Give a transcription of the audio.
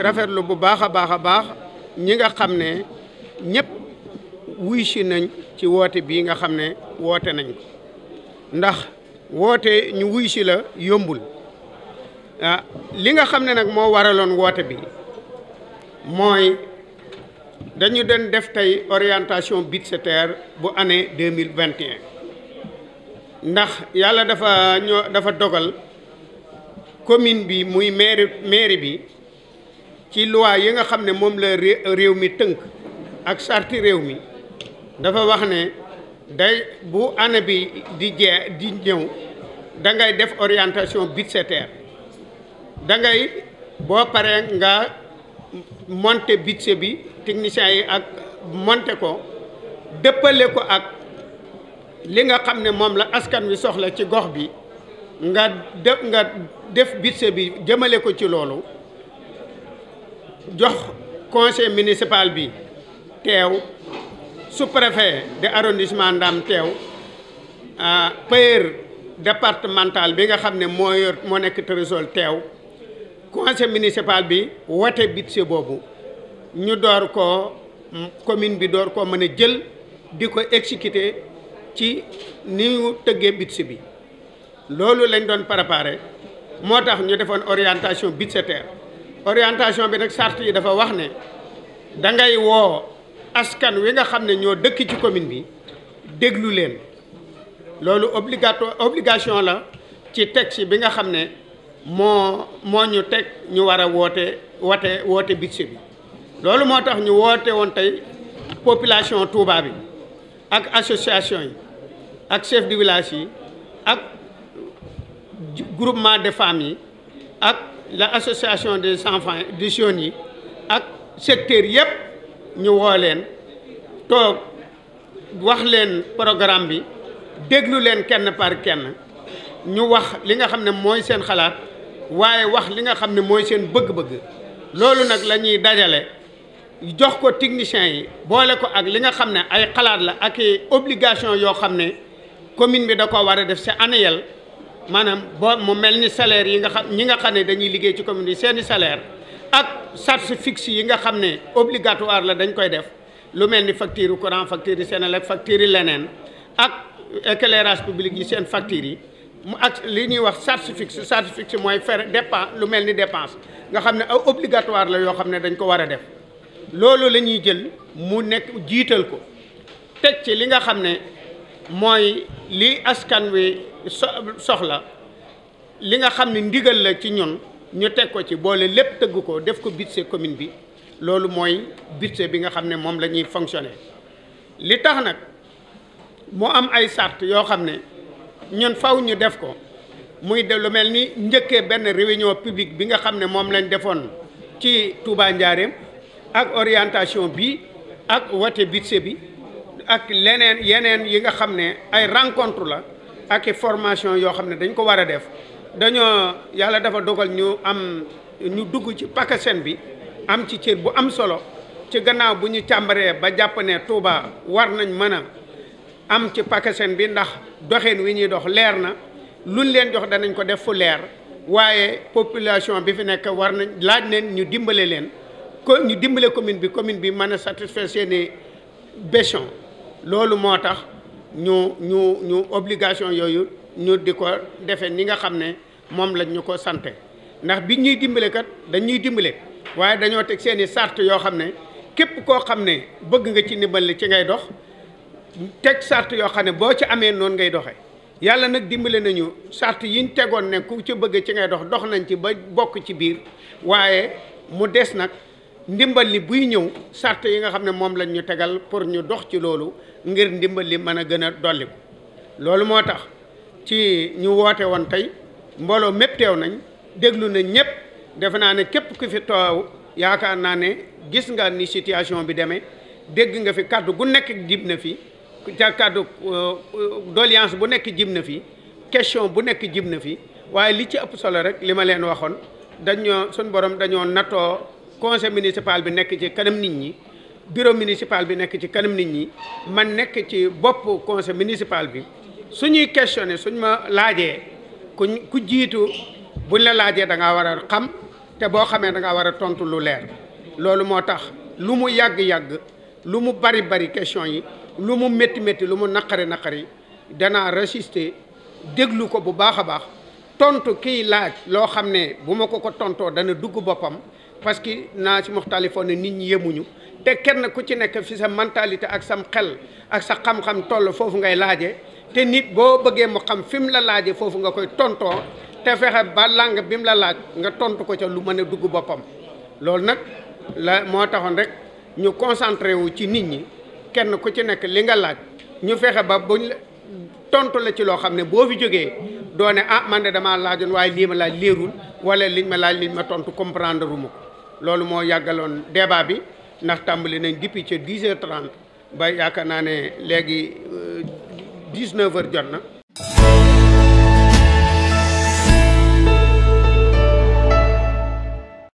rafetlu bu baax a baax a baax ñi nga xam ne ñëpp wuy si nañ ci woote bii nga xam ne woote nañ ko ndax woote ñu wuy si la yombul ah li nga xam ne nag moo waraloon woote bi mooy dañu den def tey orientation budgétaire bu année deux mille vingt et ndax yàlla dafa ñoo dafa dogal commune bi muy maire maire bi ci loi yi nga xam ne moom la réew mi tënk ak sarti réew mi dafa wax ne day bu année bi di jee di ñëw da ngay def orientation budgétaire da ngay boo paree nga monter budget bi techniciens yi ak monte ko dëppale ko ak li nga xam ne moom la askan wi soxla ci gox bi nga def nga def budget bi jëmale ko ci loolu jox conseil municipal bi teew sous-préfet de arrondissement Ndam teew ah, payeur départemental bi nga xam ne moo moo nekk trésor teew conseil municipal bi wote budget boobu ñu door ko commune bi door koo mën a jël di ko exécuter ci ni ñu tëggee budget bi loolu lañ doon préparer moo tax ñu defoon orientation budgétaire orientation bi nag charte yi dafa wax ne da ngay woo askan wi nga xam ne ñoo dëkk ci commune bi déglu leen loolu obligato obligation la ci texte bi nga xam ne moo moo ñu teg ñu war a woote woote woote budget bi loolu moo tax ñu woote woon tey population Touba yi ak association yi ak chef de village yi ak groupement de femmes yi ak la association des enfants des jeunes yi ak secteur yëpp ñu woo leen toog wax leen programme bi déglu leen kenn par kenn ñu wax li nga xam ne mooy seen xalaat waaye wax li nga xam ne mooy seen bëgg-bëgg loolu nag la ñuy dajale jox ko techniciens yi boole ko ak li nga xam ne ay xalaat la ak obligation yoo xam ne commune bi da ko war a def c'est annuel maanaam boo mu mel ni salaire yi nga xam ñi nga xam ne dañuy liggéey ci commune yi seeni salaire ak charge fixe yi nga xam ne obligatoire la dañ koy def lu mel ni facture courant facture yi Senelec facture yi leneen ak éclairage public yi seen facture yi mu ak li ñuy wax charge fixe charge fixe mooy faire dépense lu mel ni dépense nga xam ne ay obligatoire la yoo xam ne dañ ko war a def loolu la ñuy jël mu nekk jiital ko teg ci li nga xam ne mooy li askan wi so soxla li nga xam ne ndigal la ci ñun ñu teg ko ci boole lépp tëgg ko def ko budget commune bi loolu mooy budget bi nga xam ne moom la ñuy fonctionner li tax nag mu am ay sart yoo xam ne ñun faw ñu def ko muy de lu mel ni njëkkee benn réunion publique bi nga xam ne moom lañ defoon ci Touba Njaareem ak orientation bi ak wote budget bi ak leneen yeneen yi nga xam ne ay rencontre la ak formation yoo xam ne dañ ko war a def dañoo yàlla dafa dogal ñu am ñu dugg ci pakaseen bi am ci cër bu am solo ci gannaaw bu ñu càmbaree ba jàpp ne Touba war nañ mën a am ci pakaseen bi ndax doxin wi ñuy dox leer na luñ leen jox danañ ko def fu leer waaye population bi fi nekk war nañ laaj neen ñu dimbale leen ko ñu dimbale commune bi commune bi mën a satisfaire seeni besoin loolu moo tax ñu ñu ñu obligation yooyu ñu di ko defee ni nga xam ne moom lañ ñu ko sante ndax bi ñuy dimbale kat dañuy dimbale waaye dañoo teg seeni sart yoo xam ne képp koo xam ne bëgg nga ci ndimbal ci ngay dox teg sart yoo xam ne boo ci amee noonu ngay doxee yàlla nag dimbale nañu sart yiñ tegoon nekku ku ci bëgg ci ngay dox dox nañ ci ba bokk ci biir waaye mu des nag ndimbal li buy ñëw sart yi nga xam ne moom lañ ñu tegal pour ñu dox ci loolu ngir ndimbal li mën a gën a dolliku loolu moo tax ci ñu woote woon tey mbooloo mépp teew nañ déglu nañ ñëpp defe naa ne képp ku fi toow yaakaar naa ne gis nga ni situation bi demee dégg nga fi kàddu gu nekk jib na fi ca kàddu euh, euh, doléance bu nekk jib na fi question bu nekk jib na fi waaye li ci ëpp solo rek li ma leen waxoon dañoo suñ borom dañoo natoo conseil municipal bi nekk ci kanam nit ñi bureau municipal bi nekk ci kanam nit ñi man nekk ci bopp conseil municipal bi suñuy questionné suñ ma laajee kuñ ku jiitu buñ la laajee da ngaa war a xam te boo xamee da ngaa war a tontu lu leer loolu moo tax lu mu yàgg-yàgg lu mu bari bari question yi lu mu métti métti lu mu naqari naqari danaa résister déglu ko bu baax a baax tontu kiy laaj loo xam ne bu ma ko ko tontoo dana dugg boppam parce que naa si muxtalifoon ne nit ñi yemuñu te kenn ku ci nekk fi sa ak sam xel ak sa xam-xam foofu ngay laaje te nit boo bëggee mu xam fi mu la laaje foofu nga koy tontoo te fexe ba langue la laaj nga tontu ko ca lu mën a dugg boppam loolu nag la moo taxoon rek ñu concentré wu ci nit ñi kenn ku ci nekk li nga laaj ñu fexe ba buñ tontu la ci loo xam ne boo fi jógee doo ah man de damaa laajoon waaye lii ma laaj leerul wala liñ ma laaj liñ ma tontu comprendre ru ma loolu moo yàggaloon débat bi ndax tàmbali nañ depuis ca 10 heures 30 ba yaakaar naa ne léegi 19 euh, heures jot na.